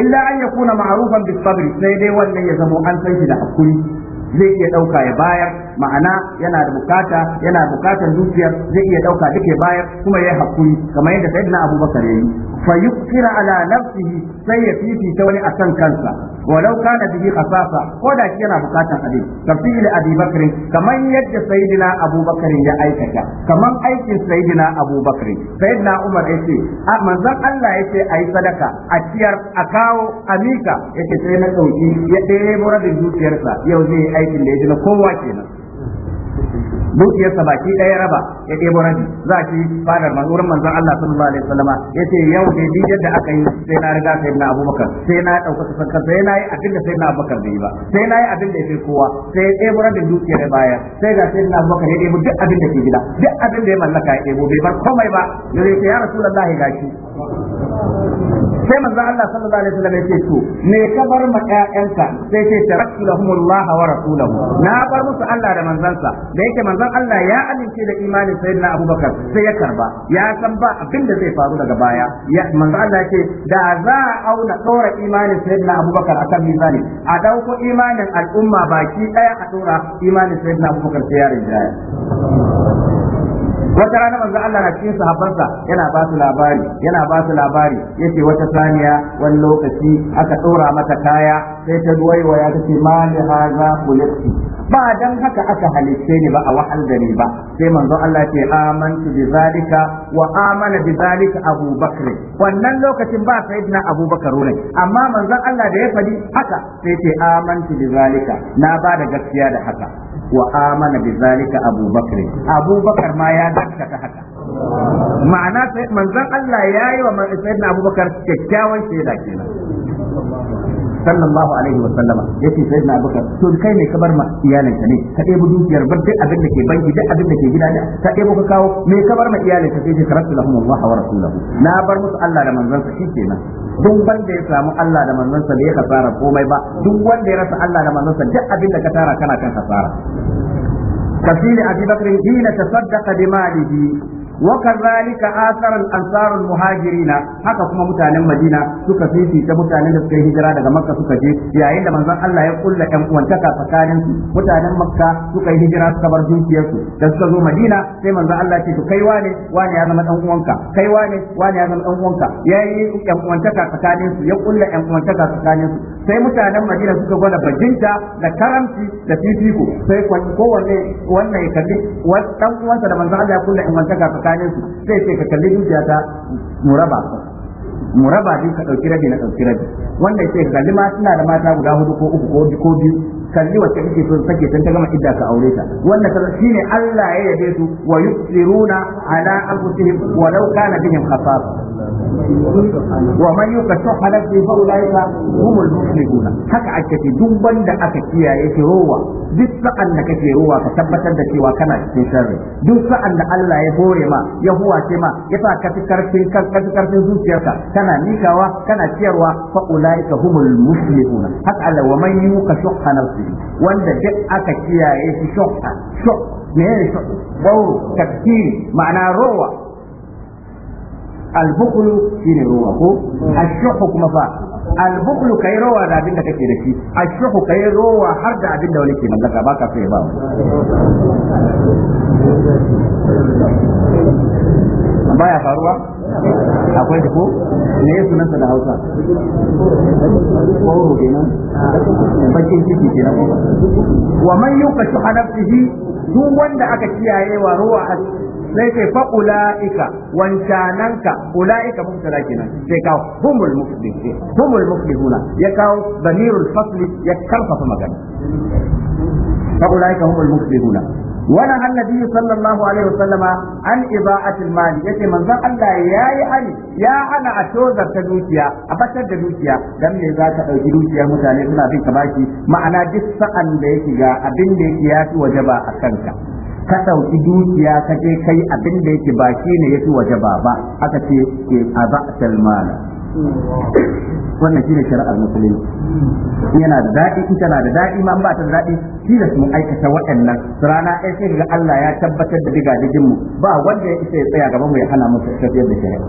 Speaker 1: illa an yakuna ma'rufan bis sai dai wannan ya zamo an san shi da hakuri zai iya ɗauka ya bayar ma'ana yana da bukata yana bukatar dukiyar zai iya dauka duke bayar kuma yayi hakuri kamar yadda sayyidina abubakar yayi fa yukira ala nafsihi sai ya ta wani akan kansa walau kana bihi khasasa ko da shi yana bukatan abin tafsir abi bakr kamar yadda sayyidina abubakar ya aikata kamar aikin sayyidina abubakar sayyidina umar yace a manzon Allah yace ayi sadaka a ciyar a kawo amika yace sai na dauki ya ɗebo rabin zuciyarsa yau zai aikin da ya na kowa kenan dukiyarsa baki ɗaya raba ya ɗebo rabi za a ci fadar manzurin manzon Allah sallallahu alaihi wasallama ce yau ne ni yadda aka yi sai na riga sai na Abubakar sai na dauka sanka sai na yi abin da sai na Abubakar bai ba sai na yi abin da fi kowa sai ya ɗebo rabin dukiyar baya sai ga sai na Abubakar ya ɗebo duk abin da ke gida duk abin da ya mallaka ya ɗebo bai bar komai ba ya ce ya Rasulullahi gashi sai manzon Allah sallallahu alaihi wasallam yake to me ka bar ma ƴaƴanka sai ce taraktu lahumullah wa rasulahu na bar musu Allah da manzansa da yake manzon Allah ya amince da imanin sayyidina Abubakar sai ya karba ya san ba abin da zai faru daga baya ya manzon Allah yake da za a auna dora imanin sayyidina Abubakar akan mizani a dauko imanin al'umma baki daya a dora imanin sayyidina Abubakar sai ya rinjaya wata rana manzo Allah na cikin sahabbansa yana ba su labari yana ba su labari yace wata saniya wani lokaci aka dora mata kaya sai ta duwaiwaya tace mali haza kulati ba dan haka aka halicce ni ba a wahal da ni ba sai manzo Allah ce amantu bi zalika wa amana bi zalika Abu Bakr wannan lokacin ba sayyidina Abu Bakar ne amma manzo Allah da ya fadi haka sai ce amantu bi zalika na ba da gaskiya da haka wa amana bi zalika Abu Bakr Abu Bakar ma ya
Speaker 2: gaskata haka
Speaker 1: ma'ana manzon Allah ya yi wa sayyidina Abu Bakar kyakkyawan
Speaker 2: shaida kenan
Speaker 1: sallallahu alaihi wa sallama yace sai na abubakar to kai ne kabar bar ma iyalinka ne ka ɗebo dukiyar bar duk abin da ke banki duk abin da ke gida ne ka ɗebo ka kawo me kabar bar ma iyalinka sai ce karatu lahum Allah wa rasulahu na bar musu Allah da manzansa nan, duk wanda ya samu Allah da manzansa da ya kasara komai ba duk wanda ya rasa Allah da manzansa duk abin da ka tara kana kan kasara kafili abubakar hina tasaddaqa bi malihi وكذلك آثر الأنصار المهاجرين haka kuma mutanen Madina suka fifita mutanen da suka yi hijira daga Makka suka je yayin da manzan Allah ya kulla 'yan uwantaka tsakanin mutanen Makka suka yi hijira suka bar dukiyar da suka zo Madina sai manzon Allah ce to kai wane wane ya zama ɗan uwanka kai wane wane ya zama ɗan uwanka yayi ɗan uwantaka tsakanin ya kulla ɗan uwantaka tsakanin sai mutanen madina suka gwada bajinta da karamci da fifiko sai kowanne wannan ya kalli dan uwansa da manzo Allah ya kulla in ka tsakanin su sai sai ka kalli dukiya ta muraba muraba din ka dauki rabi na dauki rabi wannan sai kalli ma suna da mata guda hudu ko uku ko biyu kalli wacce kake so sake san ta gama idda ka aure ta wannan shi ne Allah ya yabe su wa yusiruna ala anfusihim walau kana bihim khasas wa man yukashu halaki fa ulaika humul muflihun haka ake ce duk wanda aka kiyaye shi rowa duk sa'an da kake rowa ka tabbatar da cewa kana cikin sharri duk sa'an da Allah ya hore ma ya huwace ma ya sa ka fi karfin karfin zuciyarka kana nikawa kana ciyarwa fa ulaika humul muflihun haka Allah wa man yukashu halaki wanda duk aka kiyaye shi shokka shok me ne shok bawo tafkiri ma'ana rowa albukulu shine rowa ko ashokku kuma fa albukulu kai rowa da abin da kake da shi ashokku kai rowa har da abin da wani ke mallaka baka sai ba baya faruwa akwai da ko me ya sunansa da hausa koro
Speaker 2: kenan bakin ciki kenan wa
Speaker 1: man yuqa shuhanafsihi duk wanda aka kiyaye wa ruwa sai kai fa ulaika wancananka ulaika mubtala kenan sai kawo humul muflihun humul muflihuna ya kawo damirul fasli ya karfafa magana fa ulaika humul muflihuna wani annabi sallallahu alaihi wasallama an iba'atil mali yace manzon Allah yayi ani ya ana a tozar ta dukiya a batar da dukiya dan me za ta dauki dukiyar mutane suna bin ka baki ma'ana duk sa'an da ya ga abin da yake yafi wajaba a kanka ka ɗauki dukiya ka je kai abin da yake ba ne yafi wajaba ba aka ce iba'atil mali
Speaker 2: wannan
Speaker 1: shi ne shari'ar musulunci yana da daɗi in na da daɗi ma ba ta da daɗi da mun aikata waɗannan rana ɗaya sai ga Allah ya tabbatar da diga digin mu ba wanda ya isa ya tsaya gaban mu ya hana mu tafiyar da shari'a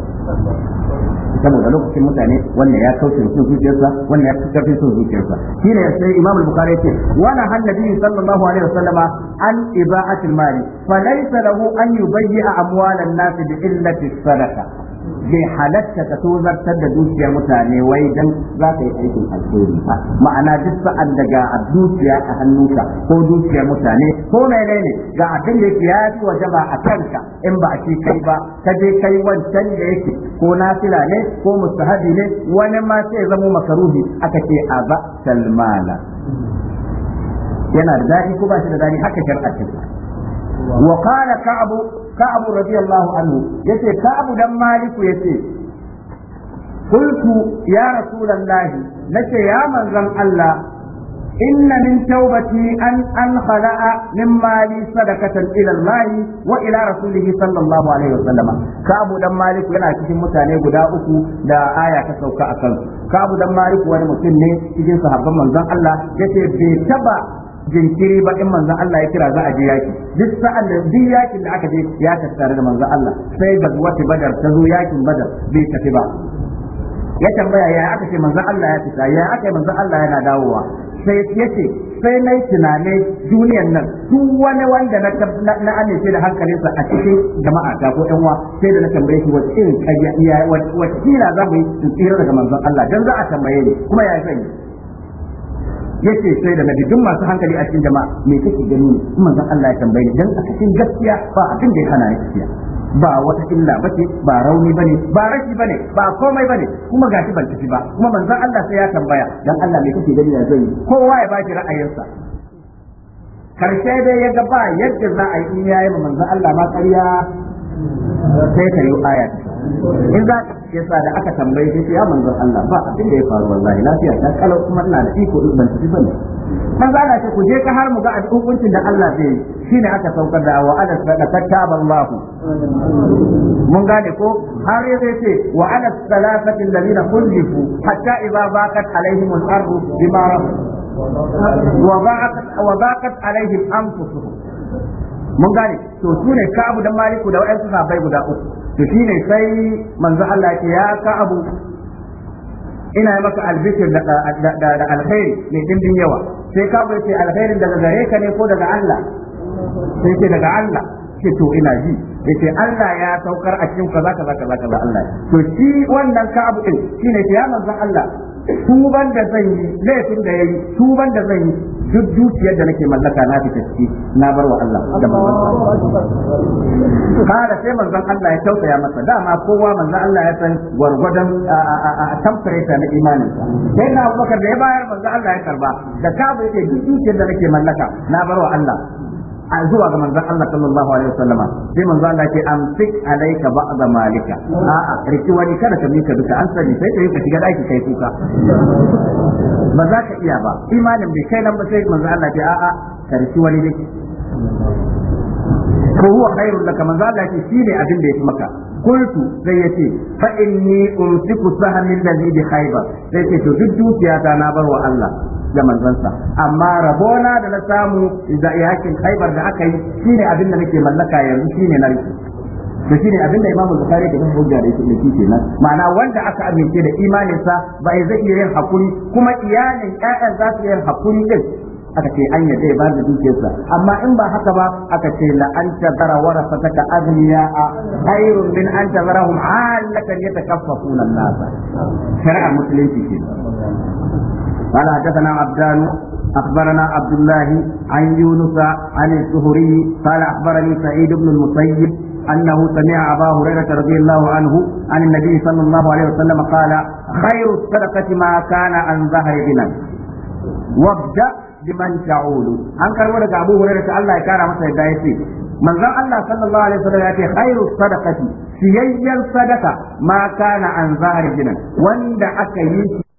Speaker 1: saboda lokacin mutane wannan ya kauce sun zuciyarsa wannan ya kauce sun zuciyarsa ne sai Imam Bukhari yace wala hannabi sallallahu alaihi wasallama an ibaatil mali laysa lahu an yubayyi'a amwalan nas bi illati sadaqa bai halatta ka tozartar da dukiya mutane wai dan za ka yi aikin alheri ba ma'ana duk sa'an da ga dukiya a hannunka ko dukiyar mutane ko mene ne ga abin da yake ya fi wajaba a kanka in ba a ce kai ba ka je kai wancan da yake ko nafila ne ko mustahabi ne wani ma sai zamo makaruhi aka ce a ba salmala yana da daɗi ko ba shi da daɗi haka shar'a ce wa qala ka'ab radiyallahu anhu yace ka'ab dan maliku yace qultu ya rasulullahi nace ya manzon Allah inna min tawbati an an khala'a min mali sadaqatan ila Allah wa ila rasulih sallallahu alaihi wasallam ka'ab dan maliku yana cikin mutane guda uku da aya ta sauka a akan ka'ab dan maliku wani mutum ne cikin sahabban manzon Allah yace bai taba jinkiri ba in manzan Allah ya kira za a je yaki duk sa'an da duk yakin da aka je ya tare da manzan Allah sai wata badar ta zo yakin badar bai tafi ba ya tambaya ya aka ce manzan Allah ya fita ya aka ce manzan Allah yana dawowa sai yace sai na yi duniyan nan duk wani wanda na amince da hankalinsa a cikin jama'a ta ko yanwa sai da na tambaye shi wace irin kariya kila za mu yi tsira daga manzan Allah dan za a tambaye ni kuma ya yi yace sai da nabi duk masu hankali a cikin jama'a me kake gani ne kuma zan Allah ya tambaye dan a cikin gaskiya ba abin da ya hana ni gaskiya ba wata illa bace ba rauni bane ba rashi bane ba komai bane kuma gashi ban tafi ba kuma manzon Allah sai ya tambaya dan Allah me kake gani ya zai kowa ya baki ra'ayinsa karshe dai ya ga ba yadda za a yi in yi manzon Allah ma ƙarya sai ka yi aya in za sa da aka tambaye shi ya manzon Allah ba abin da ya faru wallahi lafiya ta kalau kuma ina da iko ban tafi ban manzo Allah ce ku je ka har mu ga hukuncin da Allah zai yi shine aka saukar da wa ala sadaqata Allah mun gane ko har ya ce wa ala salafati alladhina khulifu hatta idza baqat alaihim al-ardu bima rabu wa baqat wa baqat alaihim anfusuhum mun gane to su ne kabu dan maliku da wa'ansu sahabbai guda uku to shine sai manzo Allah ya ka abu ina maka albishir da alkhairi mai dimbin yawa sai ka bai ce alkhairin daga gare ka ne ko daga Allah sai ce daga Allah ke to ina ji ke Allah ya saukar a cikin kaza kaza kaza kaza Allah to shi wannan ka abu din shine ya manzo Allah tuban da zan yi laifin da yayi tuban da zan yi duk dukiyar da nake mallaka na fita ciki na bar wa Allah da kada sai manzon Allah ya tausaya masa dama kowa manzon Allah ya san gwargwadon temperature na imanin sai na Abubakar da ya bayar manzon Allah ya karba da kabu yake duk dukiyar da nake mallaka na bar wa Allah a zuwa ga manzon Allah sallallahu alaihi wasallama sai manzon Allah ce amsik alayka ba'da malika a'a riki wani kada ka mika duka an sani sai kai ka shiga daki kai kuka ba za ka iya ba imanin bai kai nan ba sai manzon Allah ce a'a ka riki wani ne ko huwa khairul laka manzon Allah ce shine abin da yafi maka قلت سيتي فإني أمسك سهم الذي بخيبر سيتي تجد فيها تنابر والله da manzansa amma rabona da na samu da yakin haibar da aka yi shine abin da nake mallaka yanzu shine na rike to shine abin da imamu bukhari da ibnu hujja da yake kenan ma'ana wanda aka amince da imaninsa ba zai iya yin hakuri kuma iyalin ƴaƴan za su yi hakuri din aka ce an yadda ya bada dukiyarsa amma in ba haka ba aka ce la an tazara warasataka a khairun min an tazarahum halatan yatakaffafuna an-nas shari'a musulunci ce قال حدثنا عبدان أخبرنا عبد الله عن يونس عن الزهري قال أخبرني سعيد بن المسيب أنه سمع أبا هريرة رضي الله عنه عن النبي صلى الله عليه وسلم قال خير الصدقة ما كان عن ظهر غنى وابدأ بمن تعول أن كان أبو هريرة الله يكرم مسجد manzon Allah sallallahu alaihi wasallam ya ce khairu sadaqati siyayyar sadaka ma kana an zahar jinan wanda aka
Speaker 2: yi